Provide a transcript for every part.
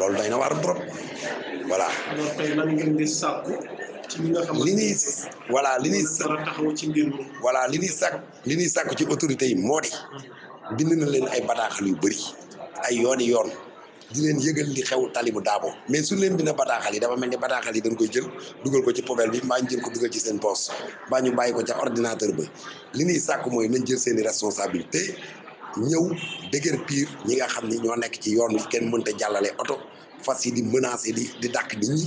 loolu day na waar trop voilà. alors tey xam li ñuy voilà li ñuy taxaw ci mbir li ñuy sàkk li ñuy sàkku ci autorités yi moo di bind na leen ay bataaxal yu bari ay yooni yoon di leen yëgal li xew Talibou Dabo mais su leen bind bataaxal yi dafa mel ni bataaxal yi dañ koy jël dugal ko ci pobel bi mbaa ñu jël ko dugal ci seen poche mbaa ñu bàyyi ko ca ordinateur ba li ñuy sàkk mooy nañ jël seen i responsabilité ñëw dëgër piir ñi nga xam ni ñoo nekk ci yoon wi kenn mënta jàllale oto fas yi di menacer di di dàq nit ñi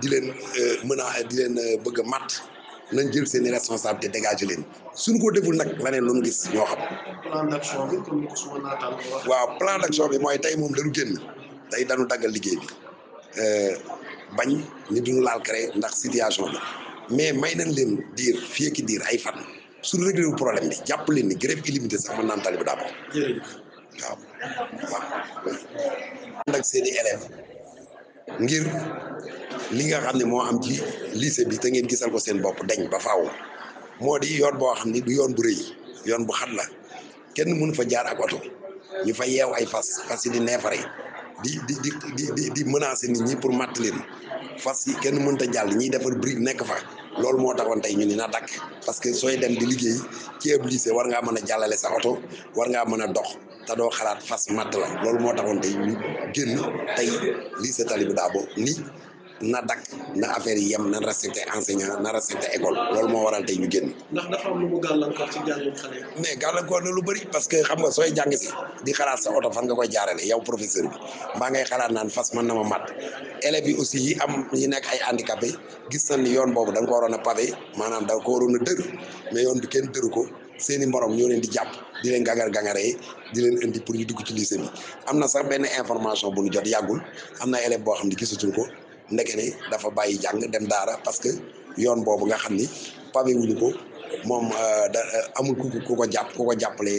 di leen euh, mena di leen euh, bëgg a matt nañ jël seen i responsabilité dégager leen suñu ko deful nag la neen lu mu ñoo xam. plan d'action bi comme ni ko suma naataan waaw plan d'action bi mooy tey moom dañu génn tey dañu daggal liggéey bi euh, bañ ni duñu laal créé ndax situation bi mais may nañ leen diir fii diir ay fan. su réglé wu problème bi jàpp leen ni grève illimité sax mën naan tali bi daa bokk waaw waaw ànd seeni élève ngir li nga xam ne moo am ci lycée bi te ngeen gisal ko seen bopp dañ ba faaw moo di yoon boo xam ni du yoon bu rëy yoon bu xat la kenn mënu fa jaar ak oto ñu fa yeew ay fas fas yi di neefare di di di di di menacer nit ñi pour matt leen fas yi kenn mënut a jàll ñiy defar brique nekk fa loolu moo taxoon tey ñu ni na dakk parce que sooy dem di liggéey ci ab lycée war ngaa mën a jàllale sa oto war ngaa mën a dox te doo xalaat fas matt la loolu moo taxoon tey ñu génn tey lycée Talibou Dabo nii na dakk na affaire yi yem na respecté enseignant na respecté école loolu moo waral tey ñu génn. ndax am lu mu mais gàllankoor na lu bëri parce que xam nga sooy jàng di xalaat sa oto fan nga koy jaarale yow professeur bi mbaa ngay xalaat naan fas mën na ma mat élèves yi aussi yi am yi nekk ay handicapé gis nañ ni yoon boobu da ko waroon a pavé maanaam da ko waroon a dër mais yoon bi kenn dëru ko seeni morom ñoo leen di jàpp di leen gangar gangaree di leen indi pour ñu dugg ci lycée bi am na sax benn information bu ñu jot yàggul am na élève boo xam ne gisatuñ ko ndekete dafa bàyyi jàng dem daara parce que yoon boobu nga xam ni pavé wuñu ko moom euh, da euh, amul ku ko jàpp ku ko jàppale